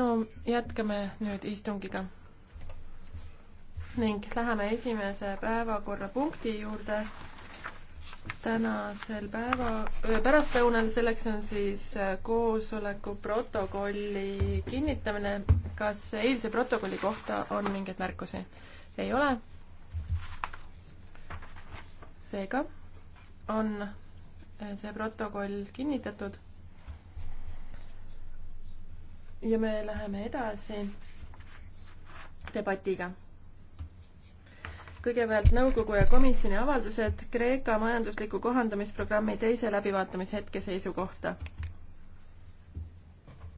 no jätkame nüüd istungiga ning läheme esimese päevakorrapunkti juurde tänasel päeva, äh, pärastlõunal, selleks on siis äh, koosoleku protokolli kinnitamine. kas eilse protokolli kohta on mingeid märkusi? ei ole. seega on äh, see protokoll kinnitatud ja me läheme edasi debatiga. kõigepealt nõukogu ja komisjoni avaldused Kreeka majandusliku kohandamisprogrammi teise läbivaatamise hetkeseisukohta